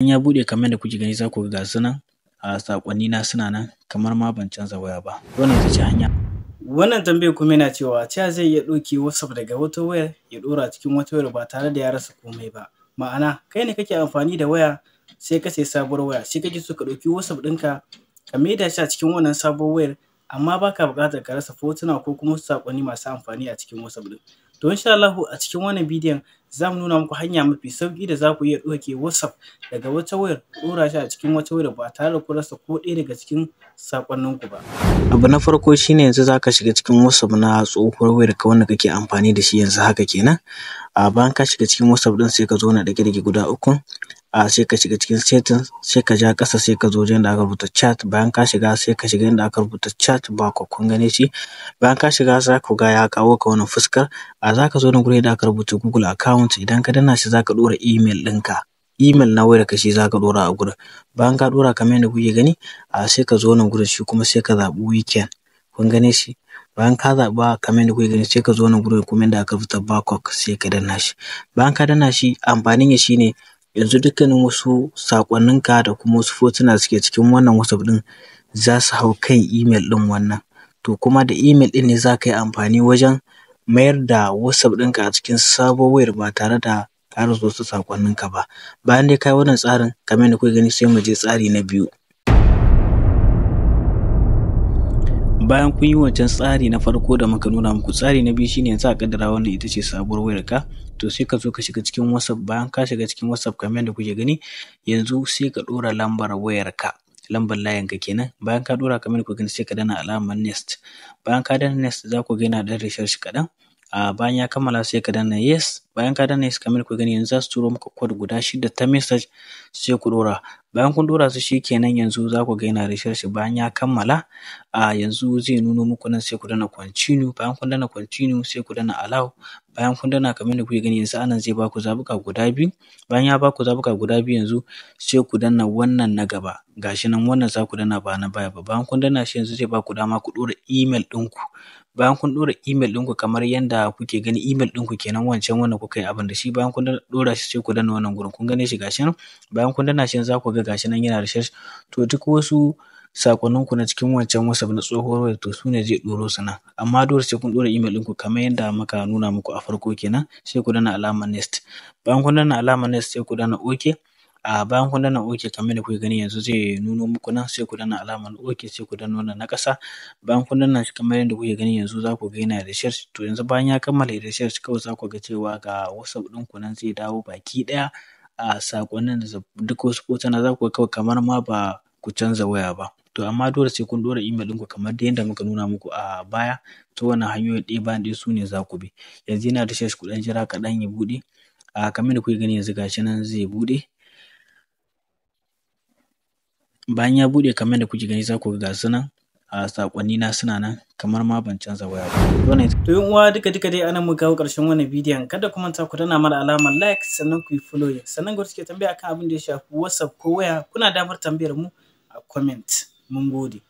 in ya bude kamar da kuke gani za ku ga su nan a sakonni na suna nan kamar ma ban canza waya ba wannan ita ce hanya wannan tambayar kuma yana cewa ta zai iya ɗauke whatsapp daga wata wayar ya dora cikin wata wayar ba tare da ya rasa komai ba ma'ana kai ne kake amfani da waya sai ka sai sabuwar waya sai kake so ka ɗauki whatsapp ɗinka ka maida shi a cikin wannan sabuwar wayar amma baka buƙatar ka rasa fotuna ko kuma sakonni masu amfani a cikin whatsapp din. to insha Allah a cikin wannan bidiyon za mu nuna muku hanya mafi sauki da za ku iya ɗauke WhatsApp daga wata wayar ɗora shi a cikin wata wayar ba tare da ku rasa ko ɗaya daga cikin sakonninku ba. Abu na farko shine yanzu za ka shiga cikin WhatsApp na tsohuwar wayar ka wanda kake amfani da shi yanzu haka kenan. A bayan ka shiga cikin WhatsApp ɗin sai ka zo na da guda uku a sai ka shiga cikin settings sai ka ja ƙasa sai ka zo wajen da aka rubuta chat bayan ka shiga sai ka shiga inda aka rubuta chat ba ku kun gane shi bayan ka shiga za ku ga ya kawo ka wannan fuskar a za ka zo na gurin da aka rubuta Google account idan ka danna shi za ka ɗora email ɗinka email na wayar shi za ka ɗora a gurin bayan ka ɗora kamar yadda kuke gani a sai ka zo nan gurin shi kuma sai ka zaɓi weekend kun gane shi bayan ka zaɓa kamar yadda kuke gani sai ka zo nan gurin kuma inda aka rubuta barcode sai ka danna shi bayan ka danna shi amfanin shi ne. yanzu dukkanin wasu sakonninka da kuma wasu fotuna suke cikin wannan WhatsApp ɗin za su hau kan email ɗin wannan. To kuma da email ɗin ne za ka yi amfani wajen mayar da WhatsApp ɗinka a cikin sabuwar wayar ba tare da ka wasu saƙonninka ba. Bayan dai ka yi wannan tsarin kamar yadda kuke gani sai mu je tsari na biyu. bayan kun yi wancan tsari na farko da muka nuna muku tsari na biyu shine yanzu a kaddara wannan ita ce sabuwar wayar ka to sai ka zo ka shiga cikin whatsapp bayan ka shiga cikin whatsapp kamar yadda kuke gani yanzu sai ka dora lambar wayar ka lambar layin ka kenan bayan ka ɗora kamar kuke gani sai ka dana alamar next bayan ka dana next za ku ga yana dan research kaɗan a ah, bayan ya kammala sai ka dana yes bayan ka danna yes kamar ku gani yanzu za su turo maka code guda shida ta message sai ku ɗora bayan kun dora su shikenan yanzu za ku ga yana research bayan ya kammala a yanzu zai nuno muku nan sai ku danna continue bayan kun danna continue sai ku danna allow bayan kun danna kamar da kuke gani yanzu anan zai ba ku zabuka guda biyu bayan ya ba ku zabuka guda biyu yanzu sai ku danna wannan na gaba gashi nan wannan za ku danna ba na baya ba bayan kun danna shi yanzu zai ba ku dama ku ɗora email ɗinku bayan kun ɗora email ɗinku kamar yanda kuke gani email ɗinku kenan wancan wannan kai abin da shi bayan kun dora shi sai ku danna wannan gurin kun gane shi gashi nan bayan kun danna shi za ku ga gashi nan yana da shi to duk wasu sakonnin ku na cikin wancan WhatsApp na tsohuwar wayar to su ne zai doro su nan amma dole sai kun dora email ku kamar yadda muka nuna muku a farko kenan sai ku danna alamar next bayan kun danna alamar next sai ku danna okay a bayan kun danna ok kamar da kuke gani yanzu zai nuno muku nan sai ku danna alamar ok sai ku danna wannan na ƙasa bayan kun danna shi kamar yadda kuke gani yanzu za ku ga yana da to yanzu bayan ya kammala da shares kawai za ku ga cewa ga whatsapp ɗinku nan zai dawo baki ɗaya a sakonnin da duk wasu hotuna za ku ga kawai kamar ma ba ku canza waya ba to amma dole sai kun imel email ɗinku kamar da yadda muka nuna muku a baya to wannan hanyoyi ɗaya bayan ɗaya su ne za ku bi yanzu yana da shares ku ɗan jira kaɗan ya buɗe a kamar da kuke gani yanzu gashi nan zai buɗe bayan ya buɗe kamar da kuke gani za ku ga su nan a sakonni na suna nan kamar ma ban canza waya ba to uwa duka duka dai anan mu kawo karshen wannan bidiyon kada ku manta ku dana mana alamar like sannan ku yi follow sannan gwamnati ke tambaya akan abin da ya shafi whatsapp ko waya kuna damar tambayar mu a comment mun gode